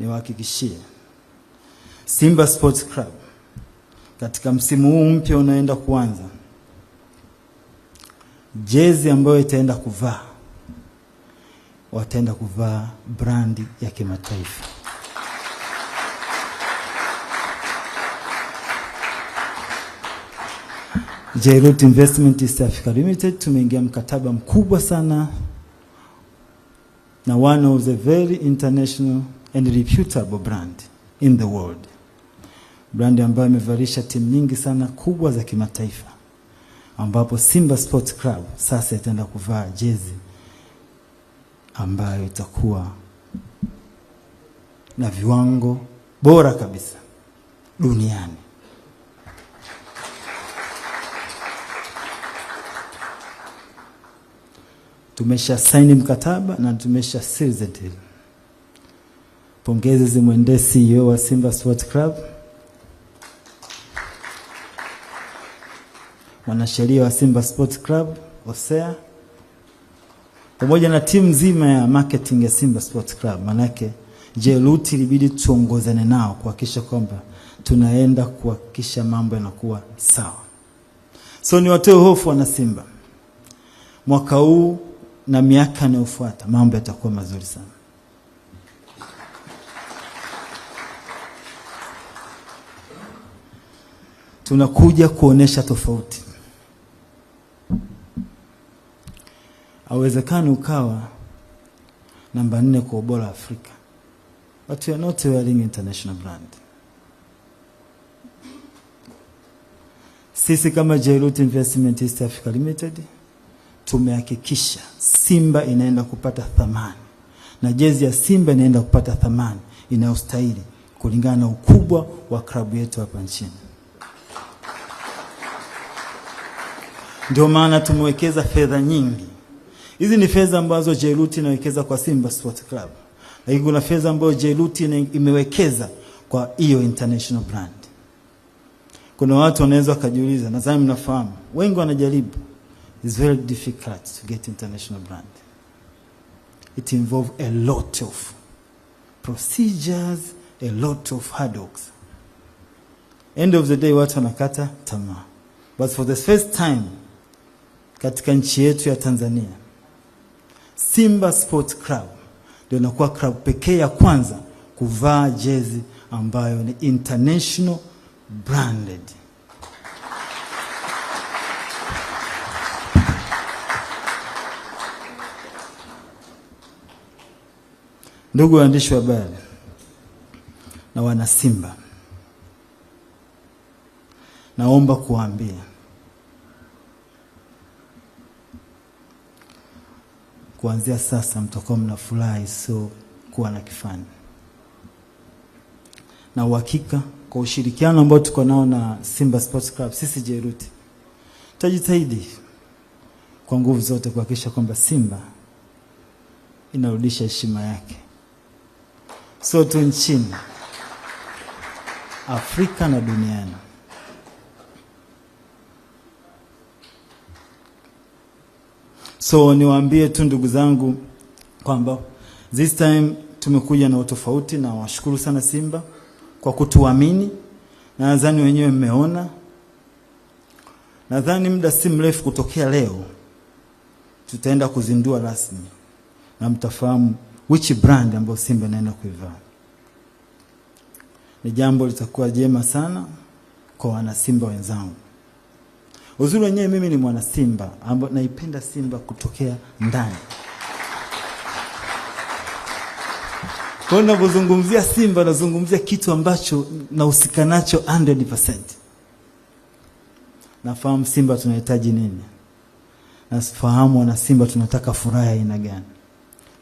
niwahakikishie Simba Sports Club katika msimu huu mpya unaenda kuanza, jezi ambayo itaenda kuvaa, wataenda kuvaa brandi ya kimataifa. Jairut Investment East Africa Limited tumeingia mkataba mkubwa sana na one of the very international and reputable brand in the world, brand ambayo imevalisha timu nyingi sana kubwa za kimataifa, ambapo Simba Sports Club sasa itaenda kuvaa jezi ambayo itakuwa na viwango bora kabisa duniani. Tumesha saini mkataba na tumesha seal the deal. Pongezi zimwende CEO wa Simba Sports Club, mwanasheria wa Simba Sports Club Osea, pamoja na timu nzima ya marketing ya Simba Sports Club. Manake jeruti ilibidi tuongozane nao kuhakikisha kwamba tunaenda kuhakikisha mambo yanakuwa sawa. So ni watoe hofu wana Simba, mwaka huu na miaka inayofuata mambo yatakuwa mazuri sana. tunakuja kuonesha tofauti. Hauwezekani ukawa namba nne kwa ubora Afrika, but you are not wearing international brand. Sisi kama Jairut Investment East Africa Limited tumehakikisha Simba inaenda kupata thamani na jezi ya Simba inaenda kupata thamani inayostahili kulingana na ukubwa wa klabu yetu hapa nchini. Ndio maana tumewekeza fedha nyingi. Hizi ni fedha ambazo Jairuti inawekeza kwa Simba Sports Club, lakini kuna fedha ambayo Jairuti imewekeza kwa hiyo international brand. Kuna watu wanaweza wakajiuliza, nadhani mnafahamu, wengi wanajaribu. It's very difficult to get international brand. It involve a lot of procedures, a lot of hurdles. End of the day, watu wanakata tamaa, but for the first time katika nchi yetu ya Tanzania. Simba Sports Club ndio inakuwa club pekee ya kwanza kuvaa jezi ambayo ni international branded. Ndugu waandishi wa habari na wana Simba, naomba kuwaambia kuanzia sasa mtakuwa mnafurahi, sio kuwa na kifani. Na uhakika kwa ushirikiano ambao tuko nao na Simba Sports Club, sisi Jeruti tutajitahidi kwa nguvu zote kuhakikisha kwamba Simba inarudisha heshima yake, sio tu nchini, Afrika na duniani. So niwaambie tu ndugu zangu kwamba this time tumekuja na utofauti, na washukuru sana Simba kwa kutuamini, na nadhani wenyewe mmeona. Nadhani muda si mrefu kutokea leo tutaenda kuzindua rasmi na mtafahamu which brand ambayo Simba inaenda kuivaa. Ni jambo litakuwa jema sana kwa wanasimba wenzangu. Uzuri wenyewe mimi ni mwana Simba ambao naipenda Simba kutokea ndani. Kwa navyozungumzia Simba nazungumzia kitu ambacho nahusika nacho 100%. Nafahamu Simba tunahitaji nini, nafahamu wana Simba tunataka furaha ya aina gani.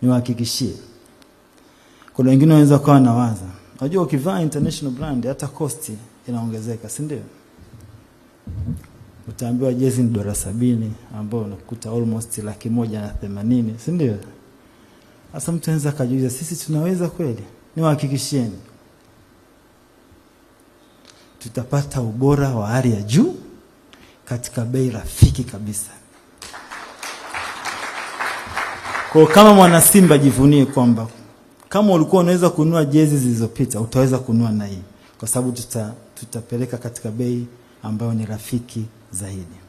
Niwahakikishie, kuna wengine wanaweza kawa nawaza, unajua ukivaa international brand hata costi inaongezeka, si ndio? utaambiwa jezi ni dola sabini ambao unakuta almost laki moja na themanini si ndio? Sasa mtu anaweza akajiuliza, sisi tunaweza kweli? Niwahakikishieni tutapata ubora wa hali ya juu katika bei rafiki kabisa. Kwa kama mwana Simba, jivunie kwamba kama ulikuwa unaweza kununua jezi zilizopita, utaweza kununua na hii, kwa sababu tuta tutapeleka katika bei ambayo ni rafiki zaidi.